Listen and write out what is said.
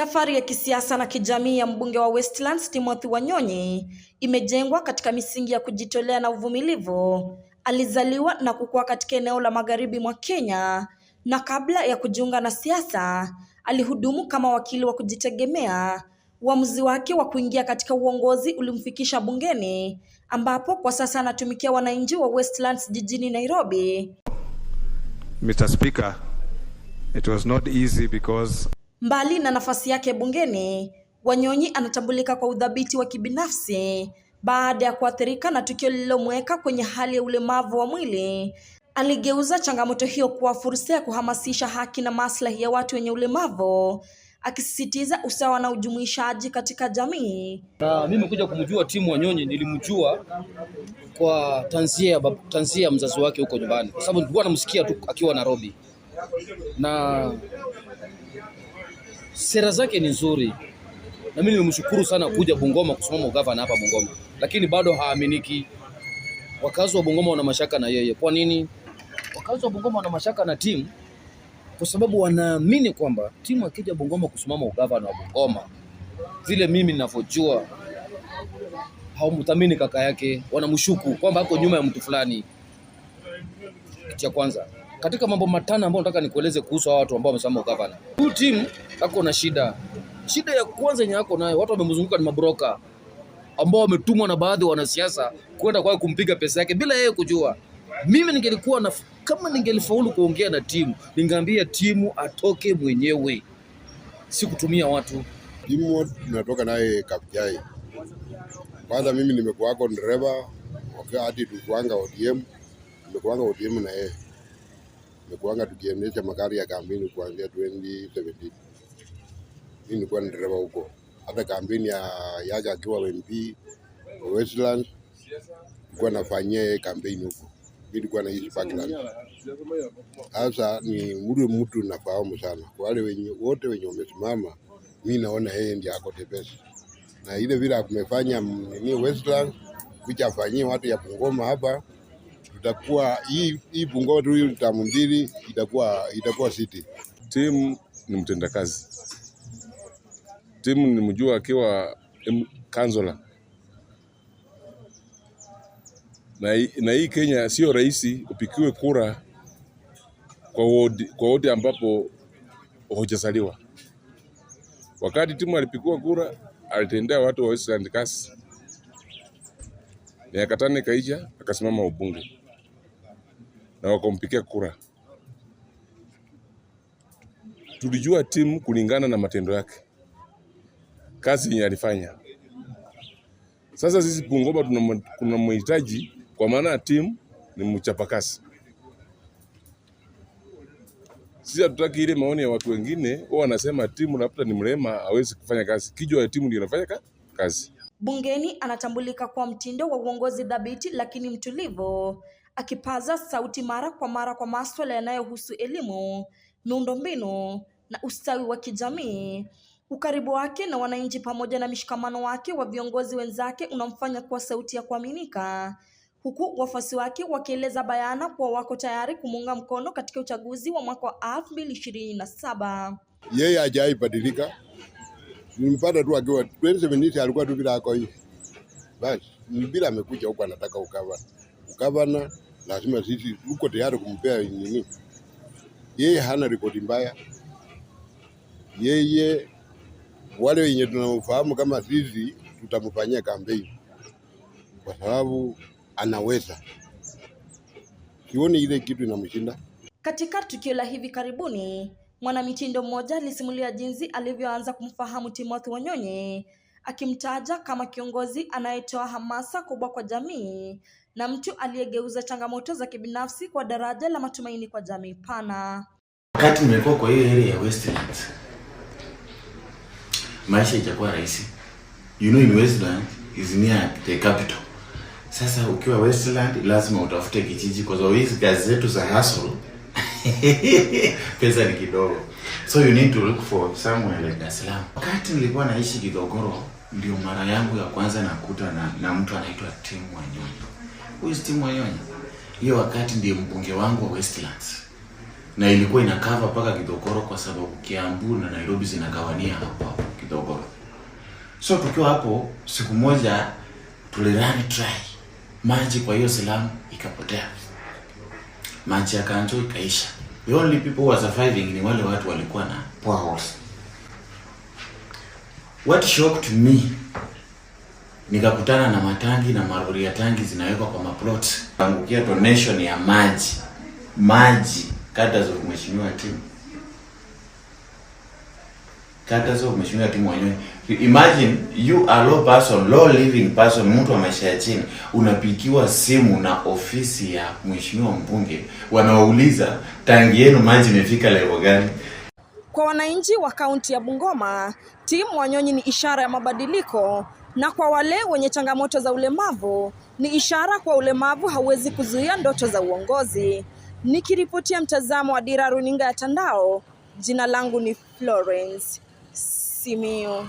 Safari ya kisiasa na kijamii ya mbunge wa Westlands Timothy Wanyonyi imejengwa katika misingi ya kujitolea na uvumilivu. Alizaliwa na kukua katika eneo la magharibi mwa Kenya na kabla ya kujiunga na siasa alihudumu kama wakili wa kujitegemea. Uamuzi wake wa kuingia katika uongozi ulimfikisha bungeni ambapo kwa sasa anatumikia wananchi wa Westlands jijini Nairobi. Mr. Speaker, it was not easy because Mbali na nafasi yake bungeni, Wanyonyi anatambulika kwa udhabiti wa kibinafsi baada ya kuathirika na tukio lililomweka kwenye hali ya ulemavu wa mwili. Aligeuza changamoto hiyo kuwa fursa ya kuhamasisha haki na maslahi ya watu wenye ulemavu, akisisitiza usawa na ujumuishaji katika jamii. Na mimi nimekuja kumjua timu Wanyonyi nilimjua kwa tanzia ya mzazi wake huko nyumbani, kwa sababu nilikuwa namsikia tu akiwa Nairobi na sera zake ni nzuri, na mimi nimemshukuru sana kuja Bungoma kusimama ugavana hapa Bungoma, lakini bado haaminiki. Wakazi wa Bungoma wana mashaka na yeye. Kwa nini? Wakazi wa Bungoma wana mashaka na timu kwa sababu wanaamini kwamba timu akija Bungoma kusimama ugavana wa Bungoma, vile mimi ninavyojua, hawamthamini kaka yake, wanamshuku kwamba ako nyuma ya mtu fulani. cha kwanza katika mambo matano ambayo nataka nikueleze kuhusu hawa watu ambao wamesema ugavana. Huu timu yako na shida. Shida ya kwanza yenye yako nayo, watu wamemzunguka ni mabroka ambao wametumwa na baadhi ya wanasiasa kwenda kwa kumpiga pesa yake bila yeye kujua. Mimi ningelikuwa na kama ningelifaulu kuongea na timu, ningeambia timu atoke mwenyewe, si kutumia watu. Timu tunatoka naye Kapjai. Kwanza mimi nimekuwa nimekuwako dereva hadi tukuanga ODM, nimekuwa ODM na yeye Tumekuanga tukiendesha magari ya kampeni kuanzia 2017. Mimi nilikuwa ni dereva huko, hata kampeni ya yaga akiwa MP Westland nilikuwa nafanyia yeye kampeni huko, nilikuwa naishi Parkland. Sasa ni mtu mtu nafahamu sana, kwa wale wenye wote wenye wamesimama, mimi naona yeye ndiye ako the best, na ile vile amefanya ni Westland kuja afanyie watu ya Bungoma hapa tutakuwa hii hii Bungoma tu hii tamu mbili itakuwa itakuwa city. Timu ni mtendakazi, timu ni mjua akiwa kanzola na, na hii Kenya sio rahisi upikiwe kura kwa wodi, kwa wodi ambapo hujazaliwa. Wakati timu alipikiwa kura alitendea watu wa Westland kasi, miaka tano ikaisha, akasimama ubunge na wakampigia kura. Tulijua timu kulingana na matendo yake, kazi yenye alifanya. Sasa sisi Bungoma kuna mhitaji kwa maana ya timu ni mchapakazi. Sisi hatutaki ile maoni ya watu wengine wao wanasema timu labda ni mlema hawezi kufanya kazi. kijwa ya timu ndio inafanya kazi. Bungeni anatambulika kwa mtindo wa uongozi dhabiti lakini mtulivu akipaza sauti mara kwa mara kwa masuala yanayohusu elimu, miundombinu na ustawi wa kijamii. Ukaribu wake na wananchi pamoja na mshikamano wake wa viongozi wenzake unamfanya kuwa sauti ya kuaminika, huku wafuasi wake wakieleza bayana kuwa wako tayari kumuunga mkono katika uchaguzi wa mwaka wa 2027. Yeye ishirini na saba. Yeye tu akiwa 2017 alikuwa tu bila akoi, hii basi, bila amekuja huko anataka ukavana, ukavana lazima sisi uko tayari kumpea nini. Yeye hana ripoti mbaya, yeye wale wenye tunamfahamu kama sisi tutamfanyia kampeni kwa sababu anaweza. Sioni ile kitu inamshinda. Katika tukio la hivi karibuni, mwanamitindo mmoja alisimulia jinsi alivyoanza kumfahamu Timothy Wanyonyi akimtaja kama kiongozi anayetoa hamasa kubwa kwa jamii na mtu aliyegeuza changamoto za kibinafsi kwa daraja la matumaini kwa jamii pana. Wakati nimekuwa kwa hiyo area ya Westland, maisha itakuwa rahisi. You know in Westland is near the capital. Sasa ukiwa Westland lazima utafute kijiji kwa sababu hizi kazi zetu za hustle pesa ni kidogo. So you need to look for somewhere like Dar es Salaam. Wakati nilikuwa naishi Kidogoro ndio mara yangu ya kwanza nakuta na, na mtu anaitwa Tim Wanyonyi. Huyu Tim Wanyonyi hiyo wakati ndiye mbunge wangu wa Westlands na ilikuwa inakava paka Kidogoro kwa sababu Kiambu na Nairobi zinagawania hapo hapo Kidogoro. So tukiwa hapo siku moja tulirani try maji, kwa hiyo silamu ikapotea, maji ya kanjo ikaisha. The only people who were surviving ni wale watu walikuwa na poor horse What shocked me nikakutana na matangi na maruri ya tangi zinawekwa kwa maplot, angukia donation ya maji maji kata za mheshimiwa timu kata za mheshimiwa timu wenyewe. Imagine you are low person, low living person, mtu wa maisha ya chini, unapikiwa simu na ofisi ya mheshimiwa mbunge, wanawauliza tangi yenu maji imefika level gani? Kwa wananchi wa kaunti ya Bungoma, timu Wanyonyi ni ishara ya mabadiliko, na kwa wale wenye changamoto za ulemavu ni ishara kwa ulemavu hauwezi kuzuia ndoto za uongozi. Nikiripotia mtazamo wa Dira Runinga ya Tandao, jina langu ni Florence Simiu.